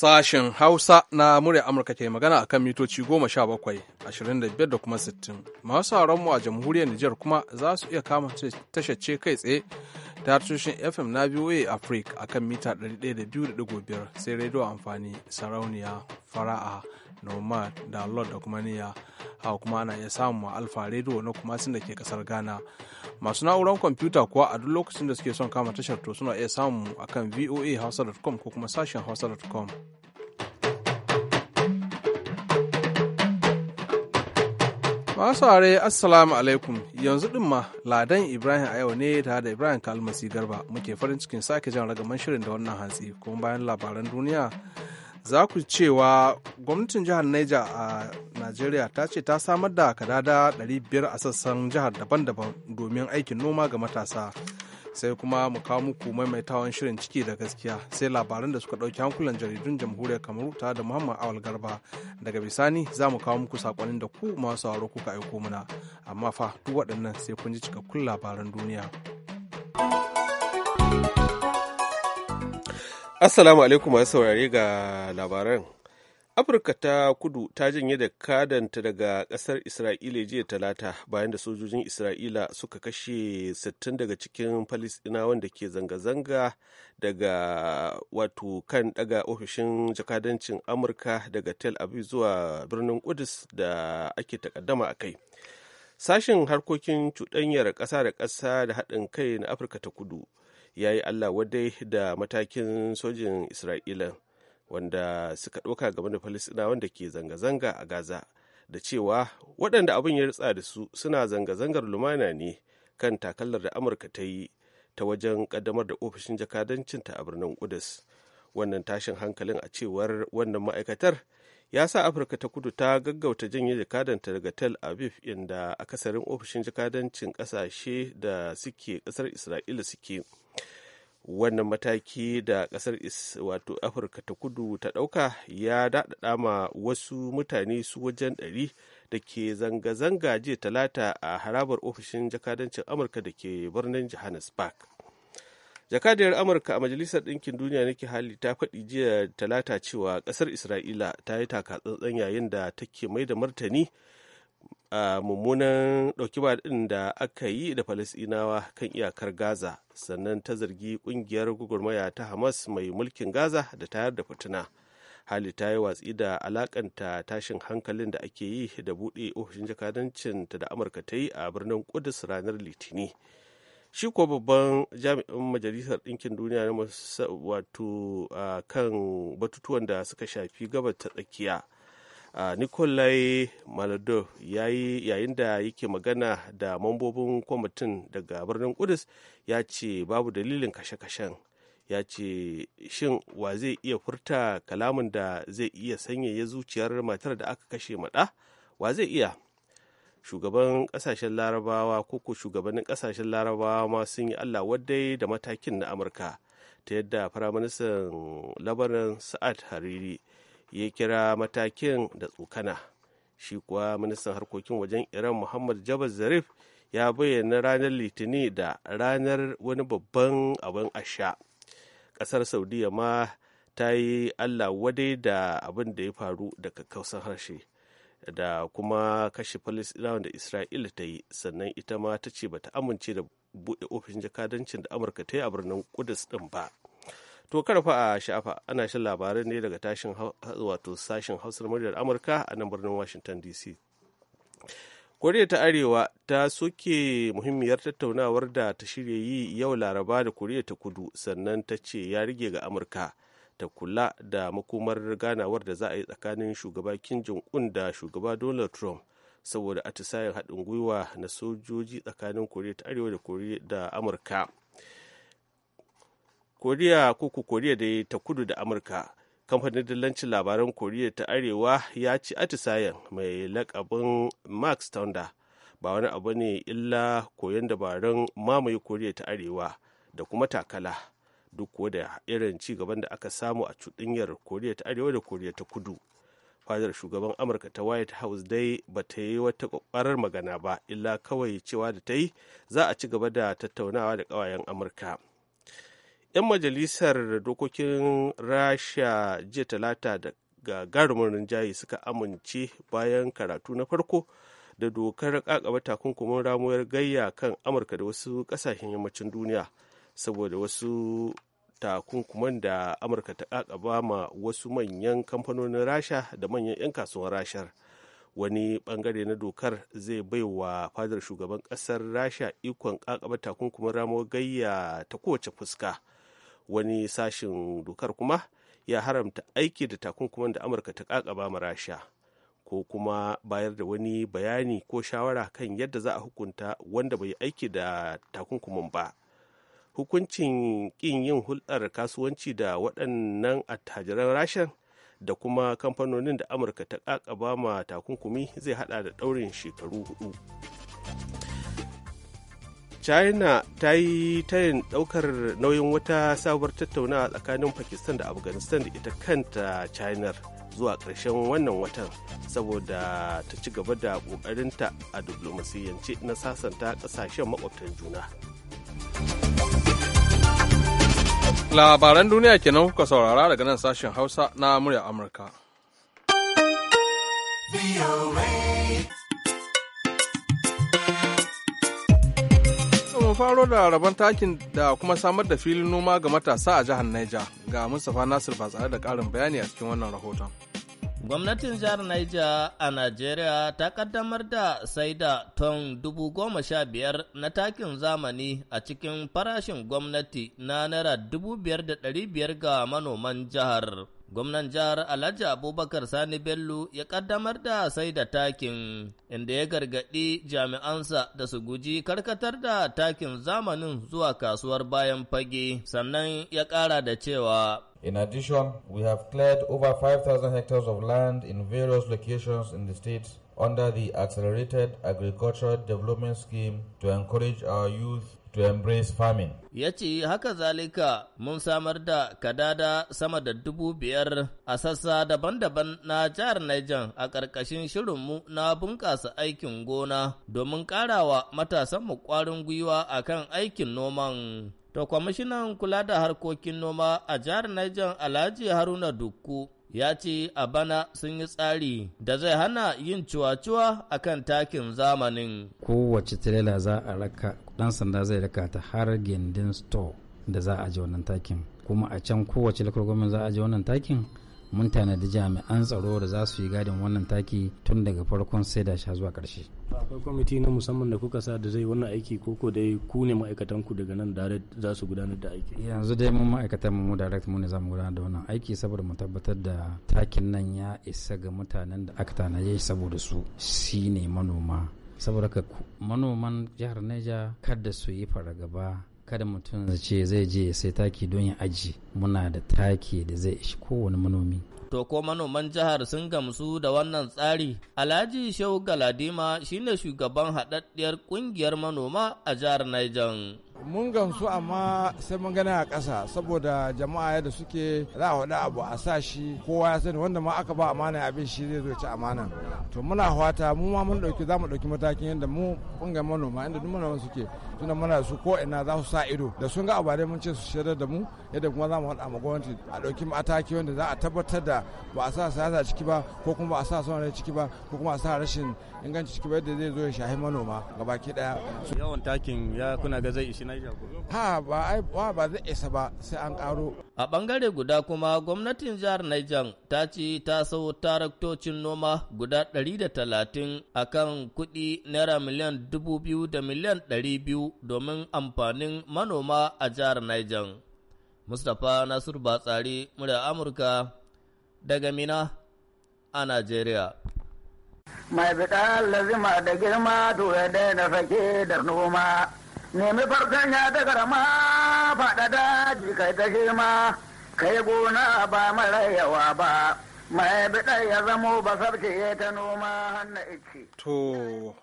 sashen Hausa na murya Amurka ke magana a kan mitoci bakwai 25 da kuma 60. Masu mu a jamhuriyar Nijar kuma za su iya kama tashar kai tsaye ta tushen FM na VOA Africa a kan mita 102.5 sai rediyo amfani sarauniya fara'a noma da da kuma niya haka kuma ana iya samun alfa radio na kuma sun da ke kasar ghana masu na'urar kwamfuta kuwa a duk lokacin da suke son kama tashar to suna iya samu akan voa hausa.com ko kuma sashen hausa.com masu are assalamu alaikum yanzu din ma ladan ibrahim a yau ne tare da ibrahim kalmasi garba muke farin cikin sake jan ragaman shirin da wannan hantsi kuma bayan labaran duniya za ku cewa gwamnatin jihar Neja a Najeriya ta ce ta samar da kadada 500 a sassan jihar daban-daban domin aikin noma ga matasa. Sai kuma mu kawo muku maimaitawan shirin ciki da gaskiya sai labaran da suka ɗauki hankulan jaridun jamhuriyar Kamaru tare da Muhammad Awal Garba. Daga bisani za mu kawo muku saƙonin da ku masu sauraro kuka aiko muna. Amma fa duk waɗannan sai kun ji cikakkun labaran duniya. Assalamu alaikum masu saurare ga labaran. Afirka ta kudu ta janye da kadanta daga kasar Isra'ila jiya talata bayan da sojojin Isra'ila suka kashe 60 daga cikin Falisɗinawan wanda ke zanga-zanga daga wato kan daga ofishin jakadancin Amurka daga Tel Aviv zuwa birnin Kudus da ake takaddama a kai. Sashen harkokin cuɗanyar ƙasa da ƙasa da haɗin kai na Afirka ta kudu ya yi allah wadai da matakin sojin isra'ila wanda suka ɗauka game da falisina wanda ke zanga-zanga a gaza da cewa waɗanda abin ya ritsa da su suna zanga-zangar lumana ne kan takallar da amurka ta yi ta wajen ƙaddamar da ofishin jakadancinta a birnin kudus wannan tashin hankalin a cewar wannan ma'aikatar ya sa afirka ta kudu ta gaggauta janye jakadanta daga tel aviv inda akasarin ofishin jakadancin kasashe da suke kasar isra'ila suke wannan mataki da kasar wato afirka ta kudu ta dauka ya daɗaɗa ma wasu mutane su wajen ɗari da ke zanga-zanga jiya talata a harabar ofishin jakadancin amurka da ke birnin johannesburg jakadiyar amurka a majalisar ɗinkin duniya nake hali ta faɗi jiya talata cewa ƙasar isra'ila ta yi takatsantsan yayin da take mai da martani a mummunan ɗauki ba ɗin da aka yi da falasɗinawa kan iyakar gaza sannan ta zargi ƙungiyar gwagwarmaya ta hamas mai mulkin gaza da tayar da fitina hali ta yi watsi da alakanta tashin hankalin da ake yi da buɗe ofishin jakadancinta da amurka ta yi a birnin kudus ranar litini. shi ko babban jami'in majalisar ɗinkin duniya na wato kan batutuwan da suka shafi gabar ta tsakiya nikolai malado yayin da yake magana da mambobin kwamitin daga birnin kudus ya ce babu dalilin kashe-kashen ya ce shin wa zai iya furta kalamin da zai iya sanyaya zuciyar matar da aka kashe maɗa wa zai iya shugaban kasashen larabawa koko shugabannin kasashen larabawa ma sun yi allah wadai da matakin na amurka ta yadda firaministan labaran sa'ad hariri ya kira matakin da tsokana shi kuwa ministan harkokin wajen iran muhammad jabal zarif ya bayyana ranar litinin da ranar wani babban abin asha kasar saudiya ma ta yi allah wadai da abin da ya faru daga kausar harshe da kuma kashe Falasɗinawa da Isra'ila ta yi sannan ita ma ta ce bata amince da buɗe ofishin jakadancin da Amurka ta yi a birnin Kudus ɗin ba. To karfa a shafa ana shan labarai ne daga tashin wato sashen hausar muryar Amurka a nan birnin Washington DC. Koriya ta Arewa ta soke muhimmiyar tattaunawar da ta shirya yi yau Laraba da Koriya ta Kudu sannan ta ce ya rige ga Amurka. ta kula da makomar ganawar da za a yi tsakanin shugaba Kim Jong-un da shugaba Donald Trump saboda atisayen haɗin gwiwa na sojoji tsakanin Koriya ta Arewa da Koriya da Amurka. Koriya koko Koriya da ta kudu da Amurka. Kamfanin dillancin labaran Koriya ta Arewa ya ci atisayen mai lakabin Max Thunder ba wani abu ne illa koyon dabarun mamaye Koriya ta Arewa da kuma takala. duk kuwa da irin ci gaban da aka samu a cuɗinyar koriya ta arewa da koriya ta kudu fadar shugaban amurka ta white house dai ba ta yi wata kwakwarar magana ba illa kawai cewa da ta yi za a ci gaba da tattaunawa da ƙawayen amurka 'yan majalisar dokokin rasha jiya talata da gagarumin rinjaye suka amince bayan karatu na farko da dokar kakaba takunkumin ramuwar gayya kan amurka da wasu kasashen yammacin duniya saboda wasu takunkuman da amurka ta kakaba ma wasu manyan kamfanonin rasha da manyan 'yan kasuwar rashar wani bangare na dokar zai bai wa fadar shugaban kasar rasha ikon kakaba takunkuman ramuwar gayya ta kowace fuska wani sashin dokar kuma ya haramta aiki da takunkuman da amurka ta kakaba ma rasha ko kuma bayar da wani bayani ko shawara kan yadda za a hukunta wanda bai aiki da takunkuman ba hukuncin kin yin hulɗar kasuwanci da waɗannan attajiran rashin da kuma kamfanonin da amurka ta ƙaƙaba ma takunkumi zai hada da ɗaurin shekaru hudu china ta yi tayin ɗaukar nauyin wata sabuwar tattaunawa tsakanin pakistan da afghanistan da ita kanta china zuwa ƙarshen wannan watan saboda ta ci gaba da ƙoƙarinta a diplomasiyance na sasanta ƙasashen makwabtan juna. Labaran duniya kenan kuka saurara daga nan sashen Hausa na murya Amurka. Mun faro da rabon takin da kuma samar da filin noma ga matasa a jihar Niger ga Mustapha Nasir ba tsare da ƙarin bayani a cikin wannan rahoton. Gwamnatin jihar Niger a Najeriya ta kaddamar da sai da ton dubu sha biyar na takin zamani a cikin farashin gwamnati na naira dubu biyar biyar ga manoman jihar. gwamnan jihar Alhaji Abubakar Sani Bello ya kaddamar da sai da takin, inda ya gargaɗi jami'ansa da su guji karkatar da takin zamanin zuwa kasuwar bayan fage, sannan ya ƙara da cewa In addition, we have cleared over 5,000 hectares of land in various locations in the state under the Accelerated Agricultural Development Scheme to encourage our youth to embrace farming. Ya ce haka zalika mun samar da kadada sama da dubu biyar a sassa daban-daban na jihar Niger a ƙarƙashin shirinmu na bunƙasa aikin gona domin ƙarawa matasanmu ƙwarin gwiwa a kan aikin noman. To kwamishinan kula da harkokin noma a jihar Niger Alhaji Haruna Dukku ya ce a bana sun yi tsari da zai hana yin cuwa-cuwa a kan takin zamanin. Kowace tirela za a raka dan sanda zai raka ta har gindin store da za a ji wannan takin kuma a can kowace local za a ji wannan takin mun tanadi jami'an tsaro da za su yi gadin wannan taki tun daga farkon sai da sha zuwa karshe. akwai kwamiti na musamman da kuka sa da zai wannan aiki ko dai ku ne ma'aikatan ku daga nan direct za su gudanar da aiki yanzu dai mun ma'aikatan mu direct mu ne za mu gudanar da wannan aiki saboda mu tabbatar da takin nan ya isa ga mutanen da aka tanaje saboda su shine manoma saboda ka manoman jihar Neja kada su yi fargaba kada mutum ce zai je sai taki don ya aji muna da taki da zai ishi kowane manomi to ko manoman jihar sun gamsu da wannan tsari alhaji shehu galadima shine shugaban haɗaɗɗiyar ƙungiyar manoma a jihar niger mun gamsu amma sai mun gani a ƙasa saboda jama'a yadda suke za a faɗa abu a sa shi kowa ya sani wanda ma aka ba amana abin shi zai zo ci amana to muna hwata mu ma mun dauki za mu ɗauki matakin yadda mu kungan manoma inda duk manoma suke tunda muna su ko ina za su sa ido da sun ga abu da mun ce su shirar da mu yadda kuma za mu hada ma gwamnati a ɗauki mataki wanda za a tabbatar da ba a sa siyasa ciki ba ko kuma ba a sa son rai ciki ba ko kuma a sa rashin inganci ciki ba yadda zai zo ya shahi manoma gabaki ɗaya. yawan takin ya kuna ga zai ishi Niger Ha ba ba zai isa ba sai an karo. A bangare guda kuma gwamnatin jihar Niger ta ce ta sau taraktocin noma guda 130 a kan kuɗi naira miliyan 2,000 da miliyan 200 domin amfanin manoma a jihar Niger. Mustapha Nasiru Batsari, murya Amurka daga Mina a Najeriya. Mai fitar lazima da girma to ya daina fake da noma. nemi farkon ya ta garma faɗa daji kai ta ma kai gona ba mara yawa ba mai biɗa ya zamo sarki ya ta noma hannu ice. To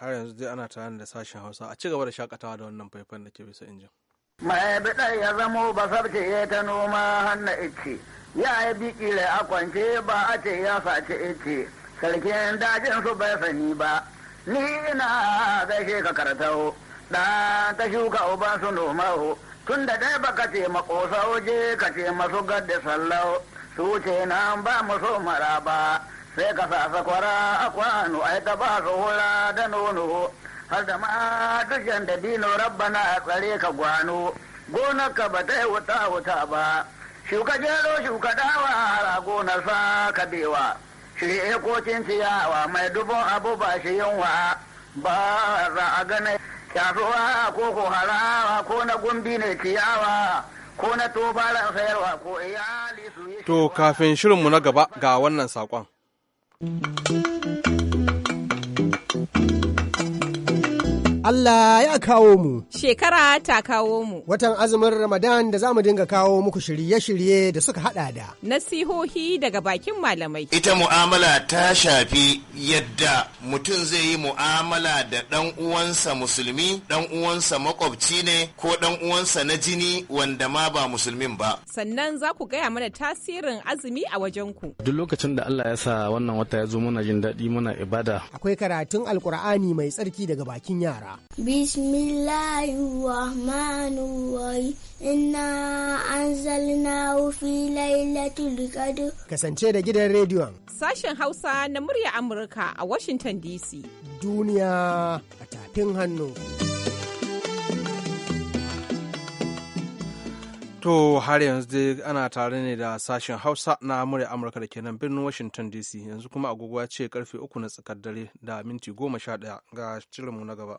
har yanzu dai ana tare da sashen Hausa a ci gaba da shakatawa da wannan faifan da ke bisa injin. Mai biɗa ya zamo sarki ya ta noma hannu ice ya yi bikile a kwance ba a ce ya sace ice sarkin dajin su bai sani ba ni ina gaishe ka kartau. da ta shuka uba su nomahu tun da ɗaya ka ce makosa waje ka ce masu gadda sallau su wuce nan ba maso mara ba sai ka sa sakwara a kwano ai ta ba su hura da nono har da ma dukkan da dino rabbana a tsare ka gwano gonarka ba ta yi wuta wuta ba shuka jero shuka dawa a gonar sa ka bewa shi ekocin ciyawa mai dubon abu ba shi yunwa ba za a ganin kasuwa ko ko harawa ko na gumbi ne ciyawa ko na tobaran sayarwa ko iyali su yi to kafin shirinmu na gaba ga wannan saƙon. Allah ya kawo mu. Shekara ta kawo mu. Watan azumin Ramadan da za mu dinga kawo muku shirye-shirye da suka hada da. Nasihohi daga bakin malamai. Ita mu'amala ta shafi yadda mutum zai yi mu'amala da ɗan uwansa musulmi, ɗan uwansa makwabci ne ko ɗan uwansa na jini wanda ma ba musulmin ba. Sannan za ku gaya mana tasirin azumi a wajen ku. Duk lokacin da Allah ya sa wannan wata ya zo muna jin daɗi muna ibada. Akwai karatun Alkur'ani mai tsarki daga bakin yara. mana. Kasance da gidan rediyon. Sashen Hausa na murya Amurka a Washington DC. Duniya a tafin hannu. To har yanzu dai ana tare ne da sashen Hausa na murya Amurka da kenan birnin Washington DC yanzu kuma agogo ya ce karfe uku na tsakar dare da minti goma sha ɗaya ga shirinmu na gaba.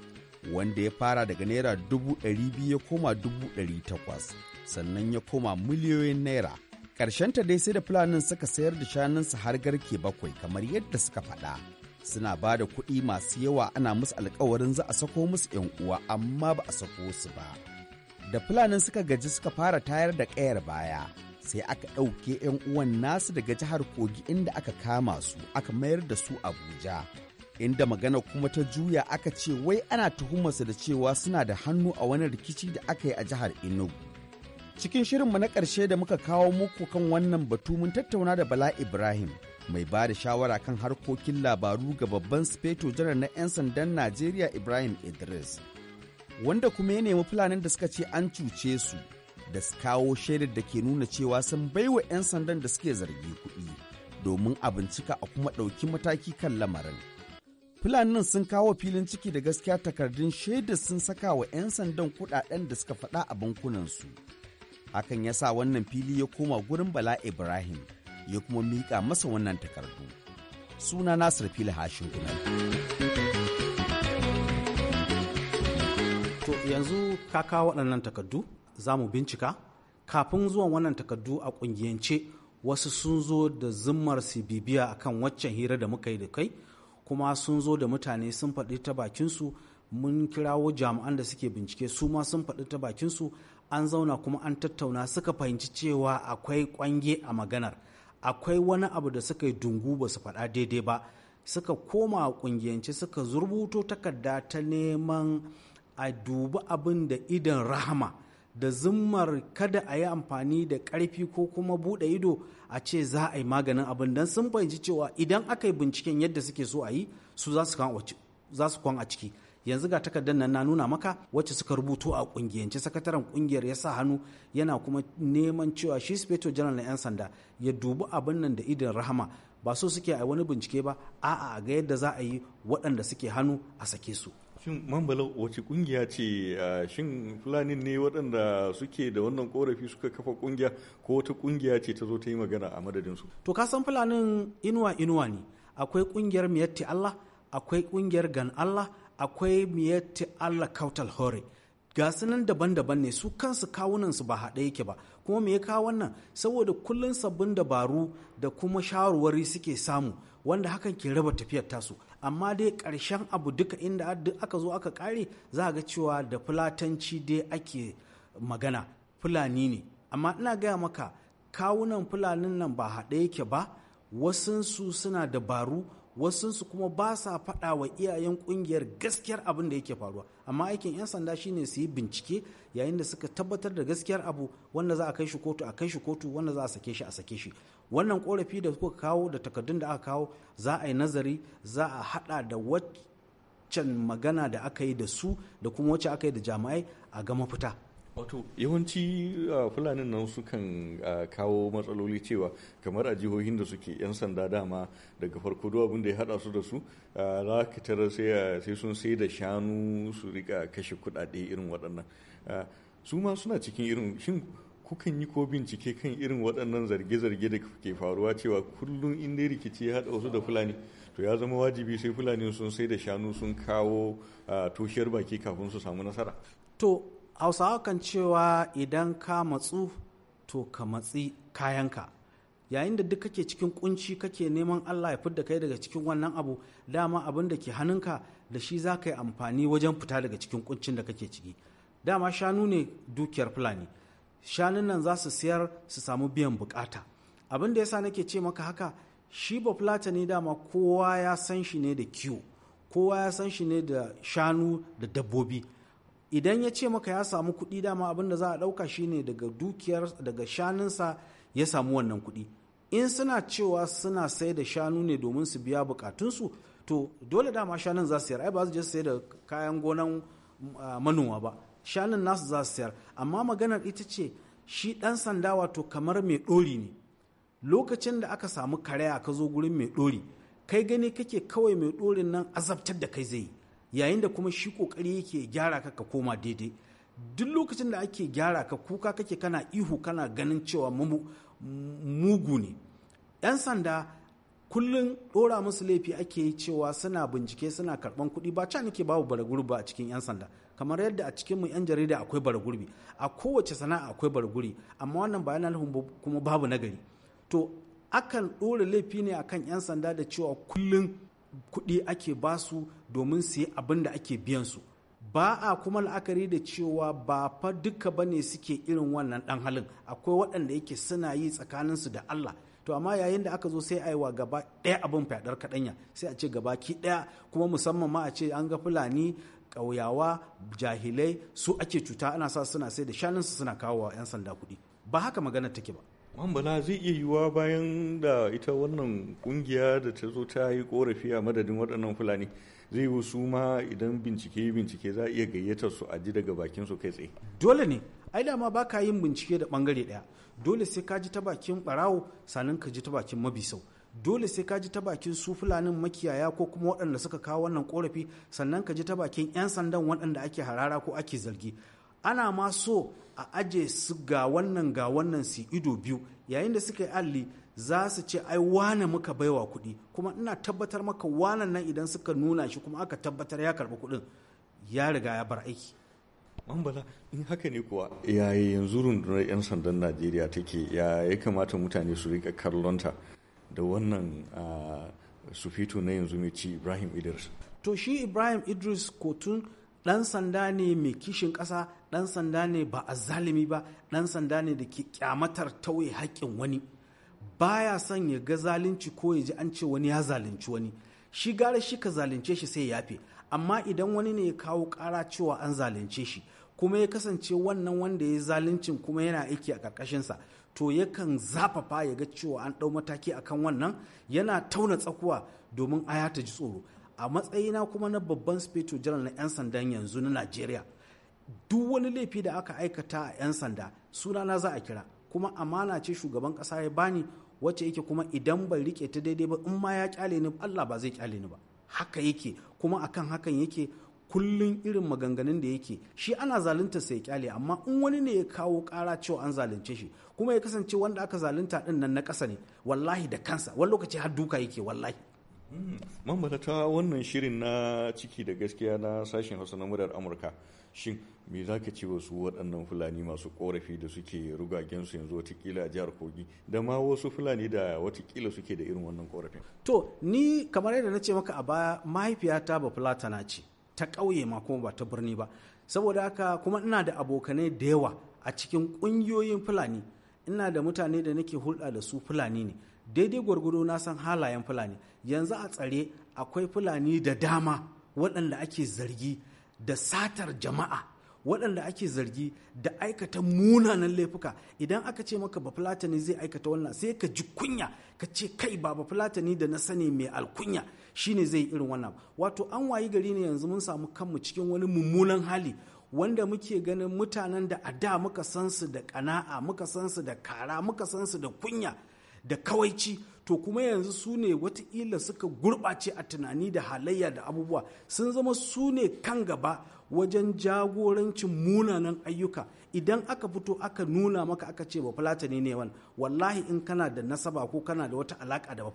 wanda ya fara daga naira dubu ɗari biyu ya koma dubu ɗari takwas sannan ya koma miliyoyin naira ta dai sai da fulanin suka sayar da shanunsa har garke bakwai kamar yadda suka faɗa suna ba da kuɗi masu yawa ana musu alkawarin za a sako musu 'yan uwa amma ba a sako su ba da fulanin suka gaji suka fara tayar da ƙayar baya sai aka ɗauke 'yan uwan nasu daga jihar kogi inda aka kama su aka mayar da su abuja inda magana kuma ta juya aka ce wai ana tuhumarsa da cewa suna da hannu a wani rikici da aka yi a jihar Enugu. Cikin shirinmu na ƙarshe da muka kawo muku kan wannan batu mun tattauna da Bala Ibrahim mai ba da shawara kan harkokin labaru ga babban speto janar na 'yan sandan Najeriya Ibrahim Idris. Wanda kuma ya nemi fulanin da suka ce an cuce su da su kawo shaidar da ke nuna cewa sun baiwa 'yan sandan da suke zargi kuɗi domin a bincika a kuma ɗauki mataki kan lamarin. Fulanin sun kawo filin ciki da gaskiya takardun shaida sun saka wa 'yan sandan kudaden da suka faɗa a bankunansu. Hakan ya sa wannan fili ya koma gurin Bala Ibrahim ya kuma miƙa masa wannan takardu. Suna Nasir Fili Hashin Gunar. To yanzu ka kawo waɗannan takardu za mu bincika. Kafin zuwan wannan takardu a ƙungiyance wasu sun zo da zimmar su bibiya akan waccan hira da muka yi da kai. kuma sun zo da mutane sun faɗi ta bakinsu mun kirawo jami'an da suke bincike su ma sun faɗi ta bakinsu an zauna kuma an tattauna suka fahimci cewa akwai kwange a maganar akwai wani abu da suka yi dungu ba su faɗa daidai ba suka koma kungiyance suka zurbuto takarda ta neman a dubi abin da idan rahama da zummar kada a yi amfani da ƙarfi ko kuma buɗe ido a ce za a yi maganin abin don sun fahimci cewa idan aka yi binciken yadda suke so a yi su za su kwan a ciki yanzu ga takardar nan na nuna maka wacce suka rubuto a kungiyance sakataren kungiyar ya sa hannu yana kuma neman cewa shi speto janar na 'yan sanda ya dubi abin nan da idan rahama ba so suke a wani bincike ba a'a ga yadda za a yi waɗanda suke hannu a sake su shin mambalau wace kungiya ce shin fulani ne waɗanda suke da wannan korafi suka kafa kungiya ko wata kungiya ce ta zo ta yi magana a madadinsu to ka san fulanin inuwa inuwa ne akwai kungiyar miyatti allah akwai kungiyar gan allah akwai miyatti allah kautal hore gasu nan daban-daban ne su kansu kawunansu ba haɗe yake ba kuma me ya kawo wannan saboda kullum sabbin dabaru da kuma shawarwari suke samu wanda hakan ke raba tafiyar tasu amma dai karshen abu duka inda aka zo aka kare za a ga cewa da fulatanci dai ake magana fulani ne amma ina gaya maka kawunan fulanin nan ba haɗe yake ba wasunsu suna dabaru wasunsu kuma ba sa faɗa wa iyayen ƙungiyar gaskiyar abin da yake faruwa amma aikin 'yan sanda shine su yi bincike yayin da suka tabbatar da gaskiyar abu wanda za a kai shi kotu a kai shi kotu wanda za a sake shi a sake shi wannan korafi da kuka kawo da takardun da aka kawo za a yi nazari za a hada da waccan magana da aka yi da su da kuma wacce aka yi da jami'ai a ga mafita wato yawanci fulanin nan sukan kawo matsaloli cewa kamar a jihohin da suke 'yan sanda dama daga farko duk abin da ya hada su da su za ka tara sai sun sai da shanu su rika kashe kudade irin waɗannan su ma suna cikin irin shin kukan yi ko bincike kan irin waɗannan zarge-zarge da ke faruwa cewa kullum in dai rikici ya haɗa wasu da fulani to ya zama wajibi sai fulani sun sai da shanu sun kawo toshiyar baki kafin su samu nasara to hausawa kan cewa idan ka matsu to ka matsi kayanka yayin da duk kake cikin kunci kake neman allah ya fidda kai daga cikin wannan abu dama abin da ke hannunka da shi za ka yi amfani wajen fita daga cikin kuncin da kake ciki dama shanu ne dukiyar fulani shanun nan za su siyar su samu biyan bukata abinda da yasa nake ce maka haka shi bafulata ne dama kowa ya san shi ne da kiwo kowa ya san shi ne da shanu da dabbobi idan ya ce maka ya samu kuɗi dama abinda za a ɗauka shine daga dukiyar daga shanunsa ya samu wannan kuɗi in suna cewa suna sai da shanu ne domin su biya bukatunsu to dole dama shanun za su sayar ai ba su je su sayar da kayan gonan ah, manoma ba shanun nasu za su sayar amma maganar ita ce shi ɗan sanda wato kamar mai ɗori ne lokacin da aka samu karaya ka zo gurin mai ɗori kai gani kake kawai mai ɗorin nan azabtar da kai zai yayin da kuma shi ƙoƙari yake gyara ka ka koma daidai duk lokacin da ake gyara ka kuka kake kana ihu kana ganin cewa mugu ne 'yan sanda kullum ɗora musu laifi ake yi cewa suna bincike suna karɓan kuɗi ba can nake babu bara gurba a cikin 'yan sanda kamar yadda a cikin mu yan jarida akwai baragurbi a kowace sana'a akwai baraguri amma wannan ba yana kuma babu nagari to akan ɗora laifi ne akan yan sanda da cewa kullum kuɗi ake basu domin su yi abin da ake biyan su ba a kuma la'akari da cewa ba fa duka ba ne suke irin wannan ɗan halin akwai waɗanda yake suna yi tsakanin su da Allah to amma yayin da aka zo sai aiwa gaba ɗaya abin fyaɗar kaɗanya sai a ce gaba ki ɗaya kuma musamman ma a ce an ga fulani ƙauyawa jahilai su ake cuta ana sa suna sai da shanunsu suna kawo wa 'yan sanda kuɗi ba haka magana take ba bala zai iya yiwuwa bayan da ita wannan kungiya da ta zo ta yi korafi a madadin waɗannan fulani zai yi su ma idan bincike bincike za a iya gayyatar su a ji daga bakin su kai tsaye dole ne ai dama ba ka yin bincike da bangare ɗaya dole sai ka ji ta bakin ɓarawo sannan ka ji ta bakin mabisau dole sai ka ji ta bakin su fulanin makiyaya ko kuma waɗanda suka kawo wannan korafi sannan ka ji ta bakin 'yan sandan waɗanda ake harara ko ake zargi ana ma so a aje su ga wannan ga wannan su ido biyu yayin da suka yi alli za su ce ai wane muka baiwa kuɗi kuma ina tabbatar maka wanan nan idan suka nuna shi kuma aka tabbatar ya karɓi kuɗin ya riga ya bar aiki bala in haka ne kuwa yayi yanzu rundunar 'yan sandan najeriya take ya kamata mutane su rika kallonta da wannan sufitu na yanzu mai ci ibrahim idris to shi ibrahim idris kotun dan sanda ne mai kishin ƙasa dan sanda ne ba a zalimi ba dan sanda ne da ke kyamatar tauye haƙƙin wani baya son ya ga zalunci ko ya ji an ce wani ya zalunci wani shi gara shi ka zalunce shi sai ya yafe amma idan wani ne ya kawo ƙara cewa an zalunce shi kuma ya kasance wannan wanda ya zaluncin kuma yana aiki a ƙarƙashinsa to yakan zafafa ya ga cewa an ɗau mataki akan wannan yana tauna tsakuwa domin aya ta ji tsoro a matsayina kuma na babban speto general na 'yan sandan yanzu na najeriya duk wani laifi da aka aikata a 'yan sanda sunana za a kira kuma amana ce shugaban ƙasa ya bani wacce yake kuma idan bai rike ta daidai ba in ma ya kyale ni Allah ba zai kyale ni ba haka yake kuma akan hakan yake kullun irin maganganun da yake shi ana zalunta sai kyale amma in wani ne ya kawo kara cewa an zalunce shi kuma ya kasance wanda aka zalunta din nan na ƙasa ne wallahi da kansa wani lokaci har duka yake wallahi hmm. mamata ta wannan shirin na ciki da gaskiya na sashen hausa na murar amurka shin me za ka ce wasu waɗannan fulani masu korafi da suke rugagensu yanzu watakila a jihar kogi da ma wasu fulani da watakila suke da irin wannan korafin to ni kamar yadda na ce maka a baya mahaifiyata ba fulatana ce ta ƙauye ma kuma ba ta birni ba saboda haka kuma ina da abokanai da yawa a cikin ƙungiyoyin fulani ina da mutane da nake hulɗa da su fulani ne daidai gwargwado na san halayen fulani yanzu a tsare akwai fulani da dama waɗanda ake zargi da satar jama'a waɗanda ake zargi da aikata munanan laifuka idan aka ce maka bafulatani zai aikata wannan sai ka ji kunya ka ce kai ba bafulatani da na sani mai alkunya shine zai irin wannan wato an wayi gari ne yanzu mun samu kanmu cikin wani mummunan hali wanda muke ganin mutanen da a da muka san su da kana'a muka san su da kara muka san su da kunya da kawaici to kuma yanzu su ne watakila suka gurɓace a tunani da halayya da abubuwa sun zama su ne kan gaba wajen jagorancin munanan ayyuka idan aka fito aka nuna maka aka ce ba ne wani wallahi in kana da nasaba ko kana da wata alaka da ba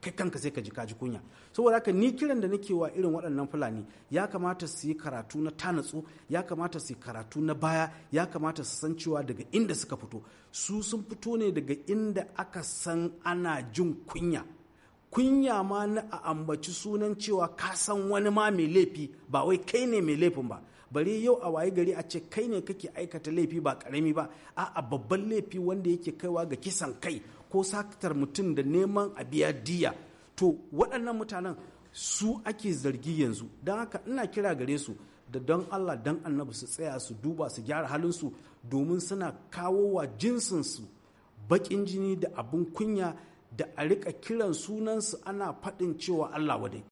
kai kanka sai ka ji kaji kunya saboda haka ni kiran da nake wa irin waɗannan fulani ya kamata su yi karatu na tanatsu ya kamata su yi karatu na baya ya kamata su san cewa daga inda suka fito su sun fito ne daga inda aka san ana jin kunya kunya ma na a ambaci sunan cewa ka san wani ma mai laifi ba wai kai ne mai laifin ba bare yau a waye gari a ce kai ne kake aikata laifi ba karami ba a babban laifi wanda yake kaiwa ga kisan kai ko satar mutum da neman a biya diya to waɗannan mutanen su ake zargi yanzu don haka ina kira gare su da don Allah don annabi su tsaya su duba su gyara halinsu domin suna kawowa jinsinsu baƙin jini da abin kunya da a rika kiran sunansu ana faɗin cewa Allah wadai.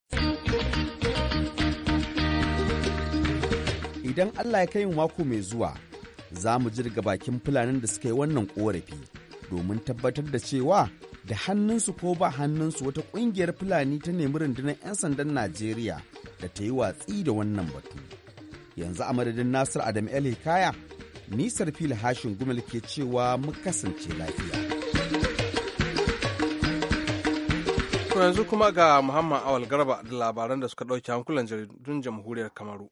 Idan Allah ya kai mako mai zuwa, za mu jirga bakin fulanin da suka yi wannan korafi domin tabbatar da cewa da hannunsu ko ba hannunsu wata ƙungiyar fulani ta nemi rundunar 'yan sandan Najeriya da ta yi watsi da wannan batu. Yanzu a madadin Nasir Adam El Hikaya, nisar fil hashin gumel ke cewa mu kasance lafiya. yanzu kuma ga Muhammad Awal Garba da labaran da suka ɗauki hankulan jaridun jamhuriyar Kamaru.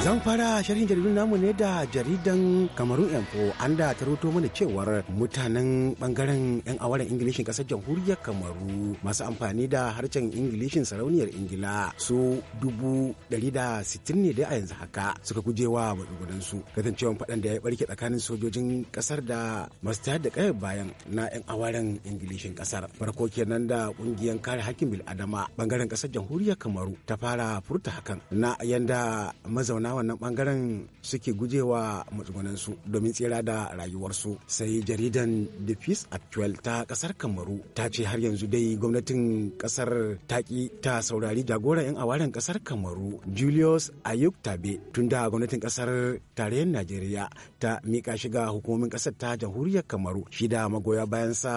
Zan fara sharhin jaridun namu ne da jaridan Kamarun Enfo an da ta roto mana cewar mutanen bangaren 'yan awaren Ingilishin kasar jamhuriyar Kamaru masu amfani da harshen Ingilishin sarauniyar Ingila su dubu dari da sittin ne dai a yanzu haka suka guje wa matsugunan su kasancewan faɗan da ya barke tsakanin sojojin kasar da masu tayar da kayan bayan na 'yan awaren Ingilishin kasar. Farko kenan da ƙungiyar kare hakkin bil'adama bangaren kasar jamhuriyar Kamaru ta fara furta hakan na yanda mazauna na wannan bangaren suke gujewa matsugunansu domin tsira da rayuwarsu sai jaridan the peace actual ta kasar kamaru ta ce har yanzu dai gwamnatin kasar taki ta saurari jagoran 'yan awaren kasar kamaru julius ayuk tabe tun da gwamnatin kasar tarayyar najeriya ta mika shiga hukumomin kasar ta jamhuriyar kamaru shida magoya bayan sa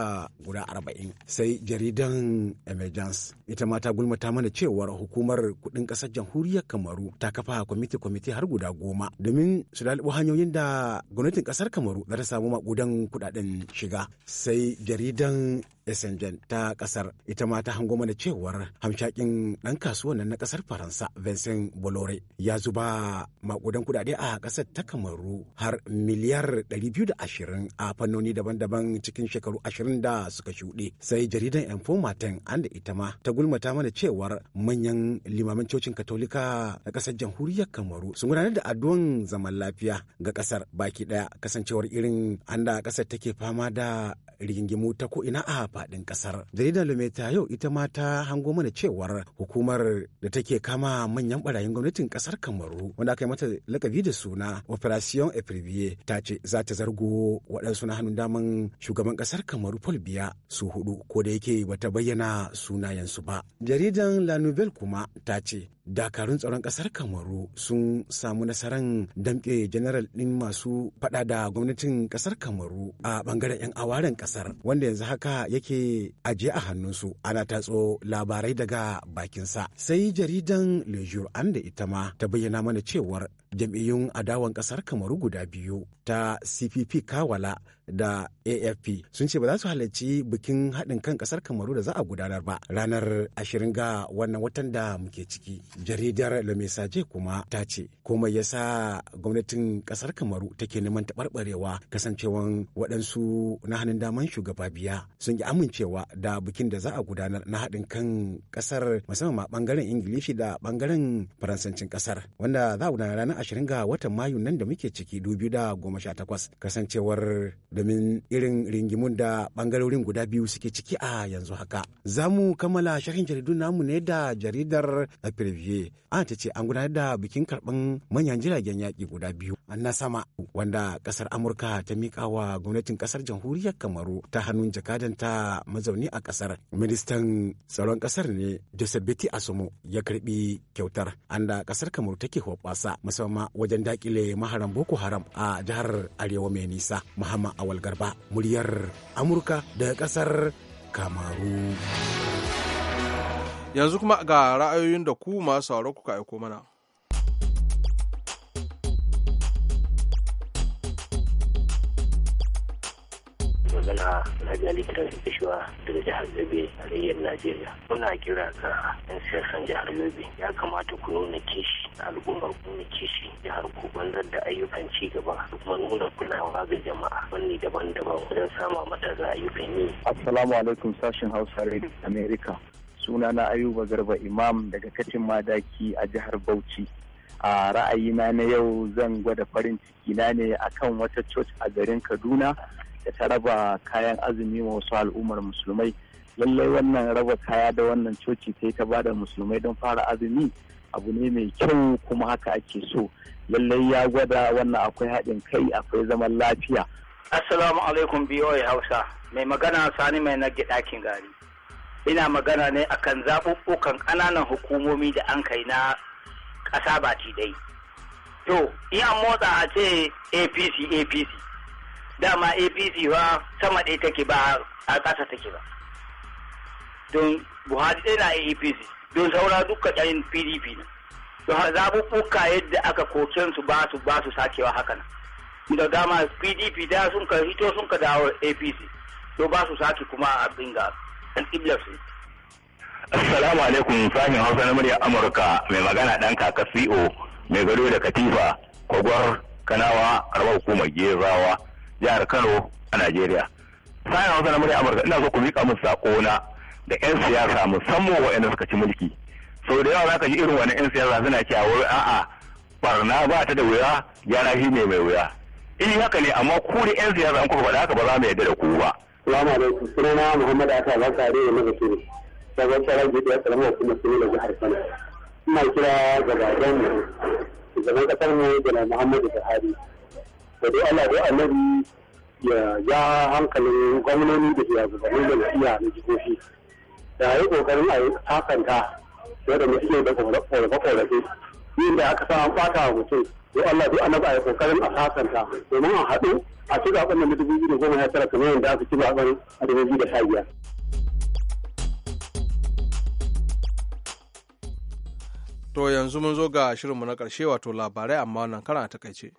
guda arba'in sai jaridan emergence ita ma ta gulmata mana cewar hukumar kudin kasar jamhuriyar kamaru ta kafa kwamiti kwamiti kwamiti har guda goma domin su lalubo hanyoyin da gwamnatin kasar kamaru za ta samu makudan kudaden shiga sai jaridan Essendon ta kasar ita ma ta hango mana cewar hamshakin ɗan kasuwan nan na kasar Faransa Vincent Bolore ya zuba makudan kudade a kasar ta Kamaru har miliyar 220 a fannoni daban-daban cikin shekaru 20 da suka shuɗe sai jaridan Informatin an da ita ma ta gulmata mana cewar manyan limamin cocin katolika a kasar jamhuriyar Kamaru sun gudanar da addu'an zaman lafiya ga kasar baki daya kasancewar irin an da kasar take fama da rigingimu ta ko ina a faɗin ƙasar. Jaridar ta yau ita ma ta hango mana cewar hukumar da take kama manyan ɓarayin gwamnatin ƙasar Kamaru wanda aka yi mata lakabi da suna Operation Eprivie ta ce za ta zargo waɗansu na hannun daman shugaban ƙasar Kamaru Paul Biya su hudu ko da yake bata bayyana sunayensu ba. Jaridan La Nouvelle kuma ta ce dakarun tsaron kasar kamaru sun samu nasaran damke Jeneral, din masu fada da gwamnatin kasar kamaru a bangaren 'yan awaren kasar wanda yanzu haka yake ajiye a hannunsu ana tatso labarai daga bakinsa sai jaridan lejur an da ita ma ta bayyana mana cewar jam'iyyun adawan kasar kamaru guda biyu ta cpp kawala da afp sun ce ba za su halarci bikin haɗin kan kasar kamaru da za a gudanar ba ranar ashirin ga wannan watan da muke ciki jaridar le kuma ta ce komai ya sa gwamnatin kasar kamaru take neman taɓarɓarewa kasancewan waɗansu na hannun daman shugaba biya sun yi amincewa da bikin da za a gudanar na haɗin kan kasar musamman ma ɓangaren ingilishi da ɓangaren faransancin kasar wanda za a gudanar ranar ashirin ga watan mayu nan da muke ciki dubu da goma sha takwas kasancewar domin irin ringimun da bangarorin guda biyu suke ciki a yanzu haka za mu kammala sharhin jaridun namu ne da jaridar previe an ah, ta ce an gudanar da bikin karɓan manyan jiragen yaƙi guda biyu na sama wanda ƙasar amurka ta miƙa wa gwamnatin ƙasar jamhuriyar kamaru ta hannun jakadanta mazauni a ƙasar ministan tsaron ƙasar ne joseph beti asomo ya karɓi kyautar an da ƙasar kamaru take hoɓɓasa musamman dama wajen dakile maharan Boko Haram a jihar Arewa mai nisa. Muhammad Awal Garba, muryar Amurka daga kasar Kamaru. Yanzu kuma ga ra'ayoyin da ku masu sauraro kuka aiko mana. magana Alhaji Ali da shiwa daga jihar Yobe a rayuwar Najeriya. Muna kira ga 'yan siyasan jihar Yobe ya kamata ku nuna kishi al'ummar ku nuna kishi jihar ku wanzar da ayyukan ci gaba kuma nuna kulawa ga jama'a wani daban-daban wajen sama mata ga ayyukan yi. Assalamu alaikum sashen Hausa Radio America. Suna na Ayuba Garba Imam daga Katin Madaki a jihar Bauchi. a ra'ayina na yau zan gwada farin ciki na ne akan wata church a garin kaduna ta raba kayan azumi wa wasu al'ummar musulmai lallai wannan raba kaya da wannan coci ta ta bada musulmai don fara azumi abu ne mai kyau kuma haka ake so lallai ya gwada wannan akwai haɗin kai akwai zaman lafiya assalamu alaikum biyoyi hausa mai magana sani mai na kin gari ina magana ne akan zaɓuɓɓukan ƙananan hukumomi da an kai na ƙasa baki dai to iya motsa a ce apc apc dama apc ba sama ɗaya take ba a ƙasa take ba don buhari ɗaya na apc don saura duka ƙarin pdp na don zaɓuɓɓuka yadda aka koken su ba su ba su sakewa haka nan da dama pdp da sun ka hito sun ka dawo apc to ba su sake kuma a binga ɗan ƙiblar su assalamu alaikum sashen hausa na murya amurka mai magana ɗan kaka co e mai gado da katifa kwagwar kanawa karamar hukumar gezawa jihar Kano a Najeriya. Sai Hausa na murya Amurka ina so ku mika musu sako na da 'yan siyasa musamman waɗanda suka ci mulki. Sau da yawa za ka ji irin wani 'yan siyasa suna cewa wai a'a barna ba ta da wuya gyara shi ne mai wuya. In eh, haka ne amma ku da 'yan siyasa an kuka faɗa haka ba za mu yarda da ku ba. Salamu alaikum sunana Muhammad Ata Bakare ne maza turu. Daga tsaron ya tsaron hukumar turu da jihar Kano. Ina kira ga don mu. Shugaban ƙasar mu da Muhammadu Buhari. da dai Allah da annabi ya ya hankalin gwamnoni da shugabannin da nasiya na jikoki da yi kokarin a yi sakanta da mutum da kuma korafe yin da aka samu fata wa mutum ya Allah duk annabi a yi kokarin a sasanta domin a haɗu a ci zaɓen da dubu biyu da goma ya tara kamar yadda aka ci zaɓen a dubu biyu da sha biyar. To yanzu mun zo ga shirinmu na ƙarshe wato labarai amma wannan karan a takaice.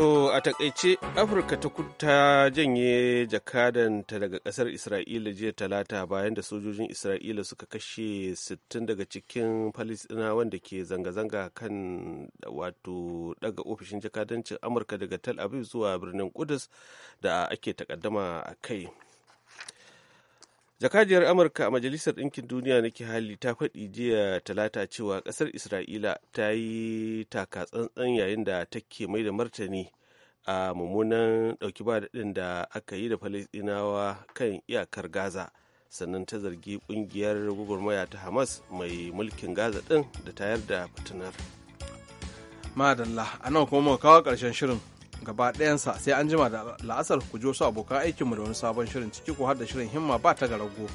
To a takaice Afirka ta ta janye jakadanta daga kasar Isra'ila jiya talata bayan da sojojin Isra'ila suka kashe 60 daga cikin Falisina wanda ke zanga-zanga kan wato daga ofishin jakadancin Amurka daga Tel Aviv zuwa birnin Kudus da ake takaddama a kai. jakadiyar amurka a majalisar ɗinkin duniya na ke hali ta faɗi jiya talata cewa ƙasar isra'ila ta yi taka tsantsan yayin da take mai da martani a mummunan ɗauki ba daɗin da aka yi da falasɗinawa kan iyakar gaza sannan ta zargi ƙungiyar gwagwarmaya ta hamas mai mulkin gaza ɗin da tayar da fitinar madalla a nan kuma kawo ƙarshen shirin gaba ɗayansa sai an jima da la'asar ku su abokan aikinmu da wani sabon shirin ciki ko har da shirin himma ba ta garago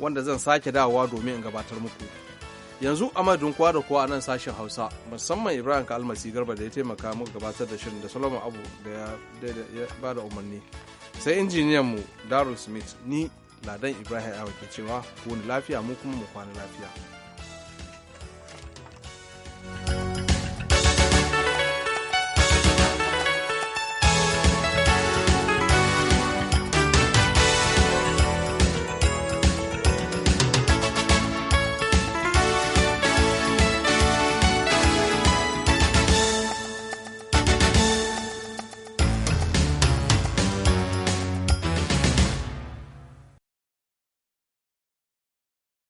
wanda zan sake dawowa domin in gabatar muku yanzu a madun kowa da kowa a nan sashen hausa musamman ibrahim ka almasi garba da ya taimaka muka gabatar da shirin da solomon abu da ya ba da umarni sai injiniyan mu darul smith ni ladan ibrahim awa ke cewa ku lafiya mu kuma mu kwana lafiya